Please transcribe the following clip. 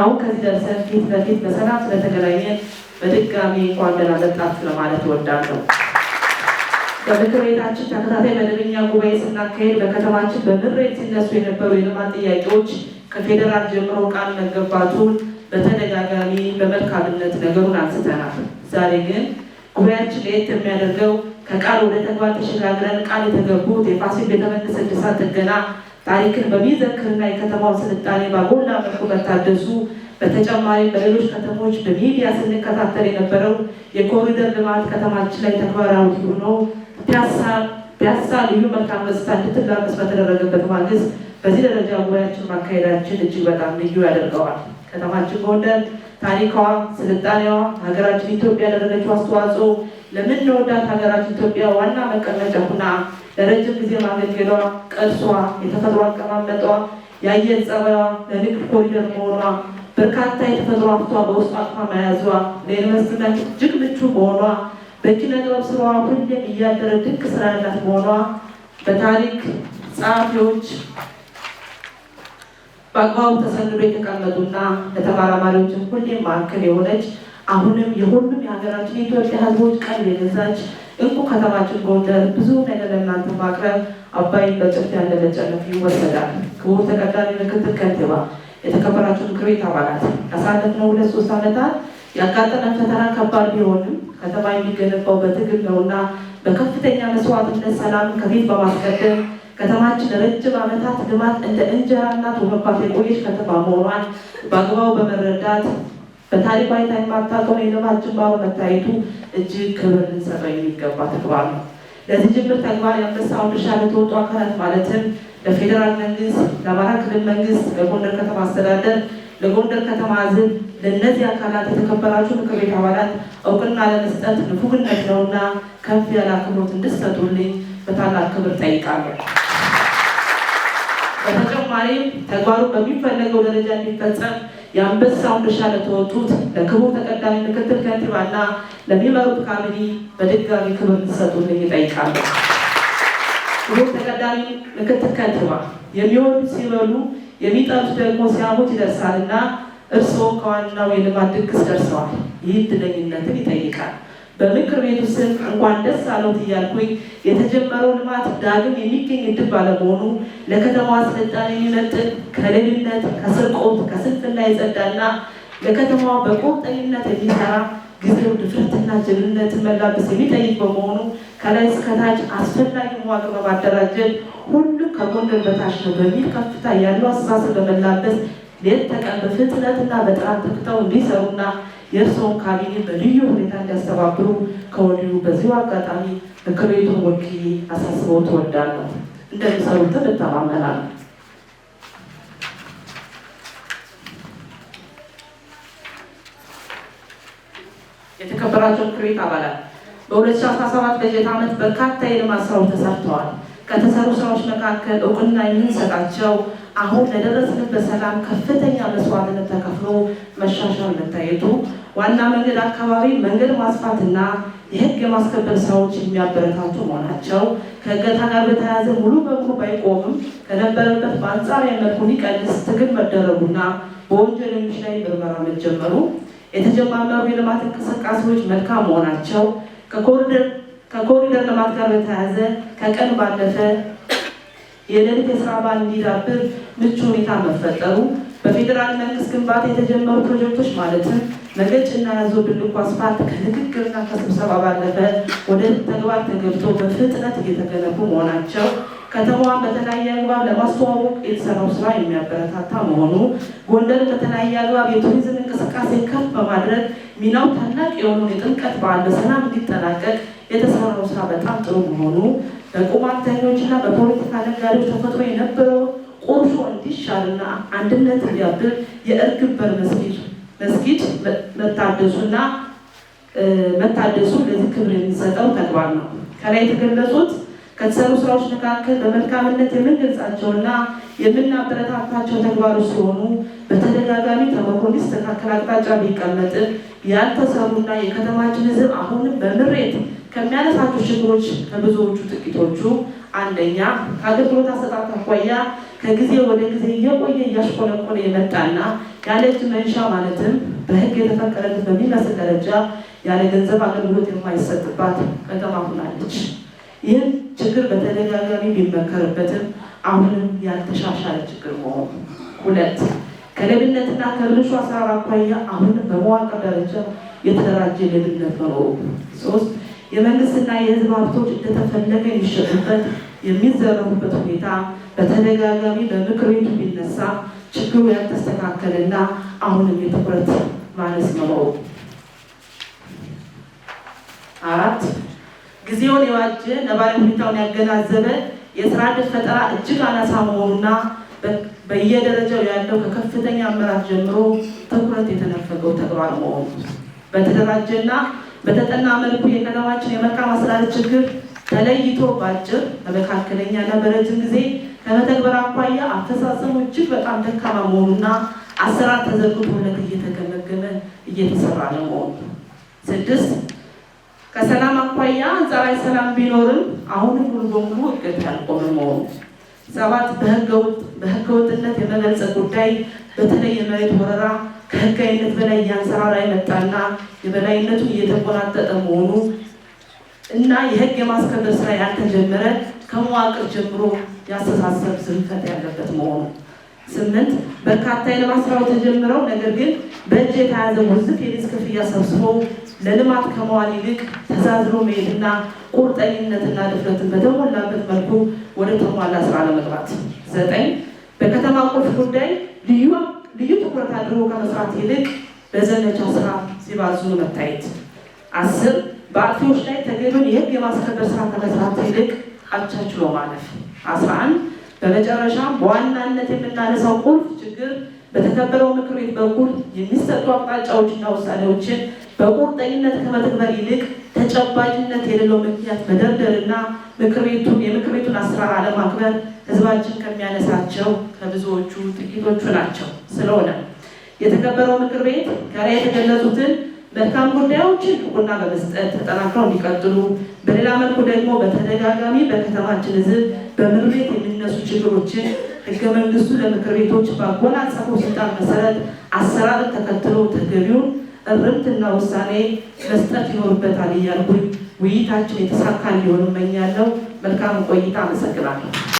አሁን ከዚህ ደርሰን ፊት ለፊት በሰላም ስለተገናኘን በድጋሚ እንኳን ደህና መጣችሁ ለማለት እወዳለሁ። በምክር ቤታችን ተከታታይ መደበኛ ጉባኤ ስናካሄድ በከተማችን በምሬት ሲነሱ የነበሩ የልማት ጥያቄዎች ከፌዴራል ጀምሮ ቃል መገባቱን በተደጋጋሚ በመልካምነት ነገሩን አንስተናል። ዛሬ ግን ጉባኤያችን ለየት የሚያደርገው ከቃል ወደ ተግባር ተሸጋግረን ቃል የተገቡት የፋሲል ቤተመንግስት እድሳት ጥገና ታሪክን በሚዘክርና የከተማው ስልጣኔ ባጎላ መልኩ በታደሱ በተጨማሪ በሌሎች ከተሞች በሚዲያ ስንከታተል የነበረው የኮሪደር ልማት ከተማችን ላይ ተግባራዊ ሆኖ ፒያሳ ልዩ መልካም መስታ እንድትላመስ በተደረገበት ማግስት በዚህ ደረጃ ጉባኤያችን ማካሄዳችን እጅግ በጣም ልዩ ያደርገዋል። ከተማችን ጎንደር ታሪኳ፣ ስልጣኔዋ፣ ሀገራችን ኢትዮጵያ ያደረገችው አስተዋጽኦ ለምንወዳት ሀገራችን ኢትዮጵያ ዋና መቀመጫ ሁና ለረጅም ጊዜ ማገልገሏ፣ ቅርሷ የተፈጥሮ አቀማመጧ፣ የአየር ጸባይዋ፣ ለንግድ ኮሪደር መሆኗ፣ በርካታ የተፈጥሮ ሀብቷ በውስጡ አቅፋ መያዟ፣ ለዩኒቨርስቲነት እጅግ ምቹ መሆኗ፣ በኪነ ጥበብ ስራዋ ሁሌም እያደረ ድንቅ ስራ ያላት መሆኗ በታሪክ ጸሐፊዎች በአግባቡ ተሰንዶ የተቀመጡና ለተመራማሪዎችን ሁሌም ማዕከል የሆነች አሁንም የሁሉም የሀገራችን የኢትዮጵያ ሕዝቦች ቀልብ የገዛች እንቁ ከተማችን ጎንደር ብዙ ነገር ለእናንተ ማቅረብ አባይን በጭፍ ያለ መጨነፍ ይወሰዳል። ክቡር ተቀዳሚ ምክትል ከንቲባ፣ የተከበራችሁ ምክር ቤት አባላት፣ ነው ሁለት ሶስት ዓመታት ያጋጠመን ፈተና ከባድ ቢሆንም ከተማ የሚገነባው በትግል ነው እና በከፍተኛ መስዋዕትነት ሰላምን ከፊት በማስቀደም ከተማችን ረጅም ዓመታት ልማት እንደ እንጀራ እናት ሆኖባት የቆየች ከተማ መሆኗን በአግባቡ በመረዳት በታሪክ አይታ የማታውቀው የልማት ጅማሮ መታየቱ እጅግ ክብር ልንሰጠው የሚገባ ተግባር ነው። ለዚህ ጅምር ተግባር የአንበሳውን ድርሻ ለተወጡ አካላት ማለትም ለፌዴራል መንግስት፣ ለአማራ ክልል መንግስት፣ ለጎንደር ከተማ አስተዳደር፣ ለጎንደር ከተማ ሕዝብ፣ ለእነዚህ አካላት የተከበራችሁ ምክር ቤት አባላት እውቅና ለመስጠት ንፉግነት ነውና ከፍ ያለ አክብሮት እንድሰጡልኝ በታላቅ ክብር ጠይቃለሁ። በተጨማሪም ተግባሩ በሚፈለገው ደረጃ እንዲፈጸም የአንበሳውን ድርሻ ለተወጡት ለክቡር ተቀዳሚ ምክትል ከንቲባና ለሚመሩት ካቢኔ በድጋሚ ክብር እንድትሰጡልኝ ይጠይቃሉ። ክቡር ተቀዳሚ ምክትል ከንቲባ የሚወዱት ሲበሉ የሚጠሉት ደግሞ ሲያሙት ይደርሳልና እርስዎ ከዋናው የልማት ድግስ ደርሰዋል። ይህ ዕድለኝነትን ይጠይቃል። በምክር ቤቱ ስም እንኳን ደስ አለውት እያልኩኝ የተጀመረው ልማት ዳግም የሚገኝ እድል ባለመሆኑ ለከተማዋ ስልጣን የሚመጥን ከሌብነት፣ ከስርቆት፣ ከስንፍና የጸዳና ለከተማዋ በቁርጠኝነት የሚሰራ ጊዜው ድፍረትና ጀግንነትን መላበስ የሚጠይቅ በመሆኑ ከላይ እስከታች አስፈላጊ መዋቅር በማደራጀት ሁሉም ከጎንደር በታች ነው በሚል ከፍታ ያለው አስተሳሰብ በመላበስ ሌት ተቀን በፍጥነትና በጥራት ተክተው እንዲሰሩና የእርስዎን ካቢኔ በልዩ ሁኔታ እንዲያስተባብሩ ከወዲሁ በዚሁ አጋጣሚ ምክር ቤቱን ወኪዬ አሳስበው ትወዳለሁ። እንደሚሰሩትን እተማመናለሁ። የተከበራቸው ምክር ቤት አባላት በ2017 በጀት ዓመት በርካታ የልማት ስራዎች ተሰርተዋል። ከተሰሩ ስራዎች መካከል እውቅና የምንሰጣቸው አሁን ለደረስንበት ሰላም ከፍተኛ መስዋዕትነት ተከፍሎ መሻሻል መታየቱ ዋና መንገድ አካባቢ መንገድ ማስፋትና የህግ የማስከበር ስራዎች የሚያበረታቱ መሆናቸው ከእገታ ጋር በተያያዘ ሙሉ በሙሉ ባይቆምም ከነበረበት በአንጻራዊ መልኩ ሊቀንስ ትግል መደረጉና በወንጀለኞች ላይ ምርመራ መጀመሩ የተጀማመሩ የልማት እንቅስቃሴዎች መልካም መሆናቸው ከኮሪደር ልማት ጋር በተያያዘ ከቀን ባለፈ የሌሊት የስራ ባል እንዲዳብር ምቹ ሁኔታ መፈጠሩ በፌዴራል መንግስት ግንባታ የተጀመሩ ፕሮጀክቶች ማለትም መገጭና ያዞ ድልቁ አስፋልት ከንግግርና ከስብሰባ ባለፈ ወደ ተግባር ተገብቶ በፍጥነት እየተገነቡ መሆናቸው ከተማዋን በተለያየ አግባብ ለማስተዋወቅ የተሰራው ስራ የሚያበረታታ መሆኑ ጎንደርን በተለያየ አግባብ የቱሪዝም እንቅስቃሴ ከፍ በማድረግ ሚናው ታላቅ የሆነውን የጥምቀት በዓል በሰላም እንዲጠናቀቅ የተሰራው ስራ በጣም ጥሩ መሆኑ በቁማርተኞችና በፖለቲካ ነጋዴዎች ተፈጥሮ የነበረውን ቆርሶ እንዲሻልና አንድነት እንዲያብር የእርግብ በር መስጊድ መስጊድ መታደሱና መታደሱ ለዚህ ክብር የሚሰጠው ተግባር ነው። ከላይ የተገለጹት ከተሰሩ ስራዎች መካከል በመልካምነት የምንገልጻቸውና የምናበረታታቸው ተግባሮች ሲሆኑ በተደጋጋሚ ተመክሮ ሊስተካከል አቅጣጫ ቢቀመጥ ያልተሰሩና የከተማችን ሕዝብ አሁንም በምሬት ከሚያነሳቸው ችግሮች ከብዙዎቹ ጥቂቶቹ አንደኛ ከአገልግሎት አሰጣጥ አኳያ ከጊዜ ወደ ጊዜ እየቆየ እያሽቆለቆለ የመጣና ያለ እጅ መንሻ ማለትም በህግ የተፈቀደለት በሚመስል ደረጃ ያለ ገንዘብ አገልግሎት የማይሰጥባት ከተማ ሆናለች። ይህም ችግር በተደጋጋሚ ቢመከርበትም አሁንም ያልተሻሻለ ችግር መሆኑ፣ ሁለት ከሌብነትና ከብልሹ አሰራር አኳያ አሁንም በመዋቅር ደረጃ የተደራጀ ሌብነት መኖሩ፣ ሶስት የመንግስትና የህዝብ ሀብቶች እንደተፈለገ ይሸጡበት የሚዘረፉበት ሁኔታ በተደጋጋሚ በምክር ቤቱ ቢነሳ ችግሩ ያልተስተካከለና አሁንም የትኩረት ማነስ ነው። አራት ጊዜውን የዋጀ ነባሪ ሁኔታውን ያገናዘበ የስራ ዕድል ፈጠራ እጅግ አናሳ መሆኑና በየደረጃው ያለው ከከፍተኛ አመራር ጀምሮ ትኩረት የተነፈገው ተግባር መሆኑ በተደራጀና በተጠና መልኩ የከተማችን የመልካም አስተዳደር ችግር ተለይቶ በአጭር በመካከለኛና በረጅም ጊዜ ከመተግበር አኳያ አፈጻጸሙ እጅግ በጣም ደካማ መሆኑና አሰራር ተዘርግቶለት እየተገመገመ እየተሰራ ነው መሆኑ። ስድስት ከሰላም አኳያ አንጻራዊ ሰላም ቢኖርም አሁንም ሙሉ በሙሉ እቅድ ያልቆመ መሆኑ። ሰባት በህገወጥነት የመበልጸግ ጉዳይ በተለይ የመሬት ወረራ ከህጋዊነት በላይ እያንሰራራ የመጣና የበላይነቱ እየተቆናጠጠ መሆኑ እና የህግ የማስከበር ስራ ያልተጀመረ ከመዋቅር ጀምሮ ያስተሳሰብ ስንፈት ያለበት መሆኑ። ስምንት በርካታ የልማት ስራዎች ተጀምረው ነገር ግን በእጅ የተያዘ ውዝፍ የሊዝ ክፍያ ሰብስቦ ለልማት ከመዋል ይልቅ ተዛዝሮ መሄድና ቁርጠኝነትና ድፍረትን በተሞላበት መልኩ ወደ ተሟላ ስራ ለመግባት። ዘጠኝ በከተማ ቁልፍ ጉዳይ ልዩ ትኩረት አድርጎ ከመስራት ይልቅ በዘመቻ ስራ ሲባዙ መታየት። አስር በአጥፊዎች ላይ ተገቢውን የህግ የማስከበር ስራ ከመስራት ይልቅ አቻችሎ ማለፍ። አስራ አንድ በመጨረሻም በዋናነት የምናነሳው ቁልፍ ችግር በተከበረው ምክር ቤት በኩል የሚሰጡ አቅጣጫዎችና ውሳኔዎችን በቁርጠኝነት ከመተግበር ይልቅ ተጨባጭነት የሌለው ምክንያት መደርደርና ምክር ቤቱን የምክር ቤቱን አሰራር አለማክበር ህዝባችን ከሚያነሳቸው ከብዙዎቹ ጥቂቶቹ ናቸው። ስለሆነ የተከበረው ምክር ቤት ከላይ የተገለጹትን መልካም ጉዳዮችን ዕውቅና በመስጠት ተጠናክረው እንዲቀጥሉ፣ በሌላ መልኩ ደግሞ በተደጋጋሚ በከተማችን ህዝብ በምክር ቤት የሚነሱ ችግሮችን ህገ መንግስቱ ለምክር ቤቶች ባጎናጸፈው ስልጣን መሰረት አሰራር ተከትሎ ተገቢውን እርምትና ውሳኔ መስጠት ይኖርበታል እያልኩኝ ውይይታችን የተሳካ እንዲሆን እመኛለሁ። መልካም ቆይታ። አመሰግናለሁ።